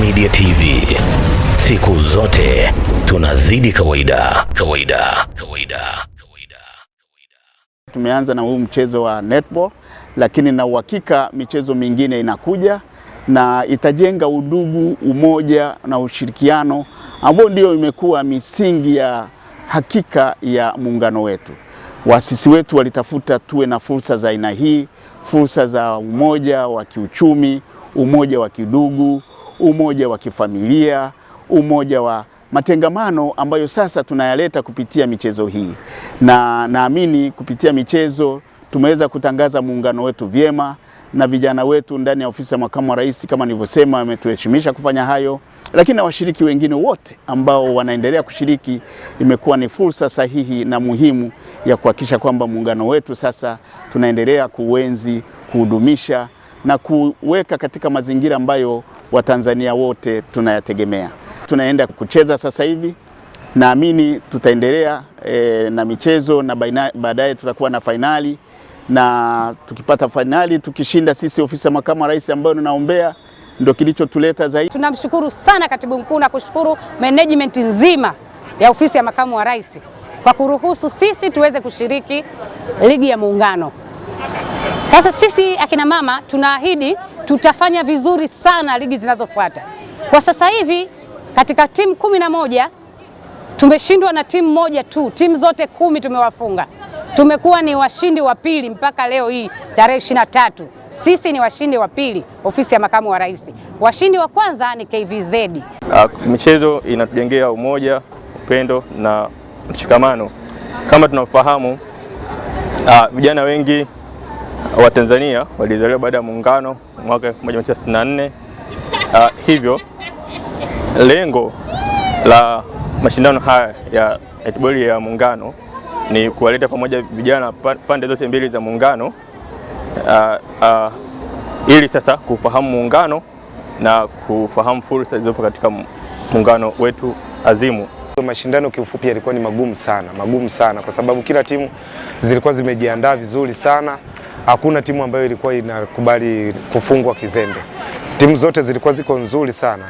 Media TV, siku zote tunazidi kawaida kawaida kawaida kawaida. Tumeanza na huu mchezo wa netball, lakini na uhakika michezo mingine inakuja na itajenga udugu, umoja na ushirikiano ambao ndio imekuwa misingi ya hakika ya muungano wetu. Waasisi wetu walitafuta tuwe na fursa za aina hii, fursa za umoja wa kiuchumi, umoja wa kidugu umoja wa kifamilia, umoja wa matengamano ambayo sasa tunayaleta kupitia michezo hii, na naamini kupitia michezo tumeweza kutangaza muungano wetu vyema, na vijana wetu ndani ya ofisi ya makamu wa rais, kama nilivyosema, wametuheshimisha kufanya hayo, lakini na washiriki wengine wote ambao wanaendelea kushiriki, imekuwa ni fursa sahihi na muhimu ya kuhakikisha kwamba muungano wetu sasa tunaendelea kuenzi kuhudumisha na kuweka katika mazingira ambayo Watanzania wote tunayategemea. Tunaenda kucheza sasa hivi, naamini tutaendelea e, na michezo na baadaye tutakuwa na fainali, na tukipata fainali tukishinda, sisi ofisi ya makamu wa rais ambayo ninaombea ndio kilichotuleta zaidi. Tunamshukuru sana katibu mkuu na kushukuru management nzima ya ofisi ya makamu wa rais kwa kuruhusu sisi tuweze kushiriki ligi ya Muungano. Sasa sisi akina mama tunaahidi tutafanya vizuri sana ligi zinazofuata. Kwa sasa hivi katika timu kumi na moja tumeshindwa na timu moja tu, timu zote kumi tumewafunga. Tumekuwa ni washindi wa pili mpaka leo hii tarehe ishirini na tatu sisi ni washindi wa pili, ofisi ya makamu wa rais. Washindi wa kwanza ni KVZ. Ah, michezo inatujengea umoja, upendo na mshikamano. Kama tunafahamu ah, vijana wengi Watanzania walizaliwa baada ya muungano mwaka 1964. Uh, ah, hivyo lengo la mashindano haya ya netball ya muungano ni kuwaleta pamoja vijana pande zote mbili za muungano uh, uh, ili sasa kufahamu muungano na kufahamu fursa zilizopo katika muungano wetu azimu. Mashindano kiufupi yalikuwa ni magumu sana, magumu sana kwa sababu kila timu zilikuwa zimejiandaa vizuri sana hakuna timu ambayo ilikuwa inakubali kufungwa kizembe. Timu zote zilikuwa ziko nzuri sana,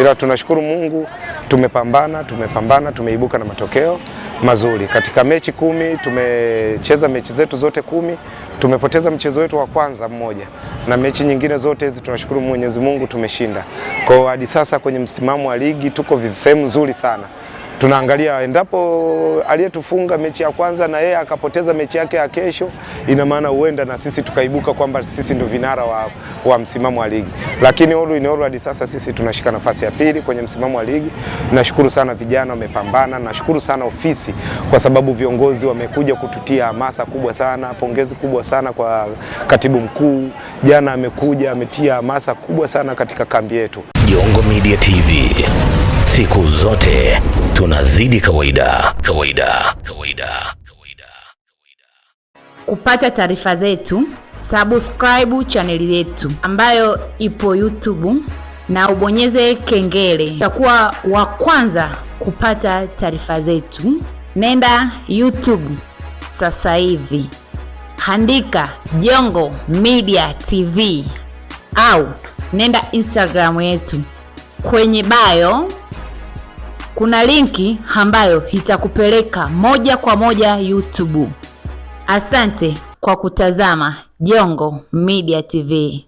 ila tunashukuru Mungu tumepambana, tumepambana, tumeibuka na matokeo mazuri. Katika mechi kumi tumecheza mechi zetu zote kumi, tumepoteza mchezo wetu wa kwanza mmoja, na mechi nyingine zote hizi tunashukuru Mwenyezi Mungu tumeshinda. Kwa hadi sasa kwenye msimamo wa ligi tuko sehemu nzuri sana tunaangalia endapo aliyetufunga mechi ya kwanza na yeye akapoteza mechi yake ya kesho, ina maana huenda na sisi tukaibuka kwamba sisi ndio vinara wa, wa msimamo wa ligi, lakini all in all hadi sasa sisi tunashika nafasi ya pili kwenye msimamo wa ligi. Nashukuru sana vijana wamepambana, nashukuru sana ofisi kwa sababu viongozi wamekuja kututia hamasa kubwa sana. Pongezi kubwa sana kwa katibu mkuu, jana amekuja ametia hamasa kubwa sana katika kambi yetu. Jongo Media TV. Siku zote tunazidi kawaida kawaida kawaida kawaida kawaida. Kupata taarifa zetu, subscribe chaneli yetu ambayo ipo YouTube na ubonyeze kengele, utakuwa wa kwanza kupata taarifa zetu. Nenda YouTube sasa hivi, handika Jongo Media TV au nenda Instagram yetu kwenye bio kuna linki ambayo itakupeleka moja kwa moja YouTube. Asante kwa kutazama Jongo Media TV.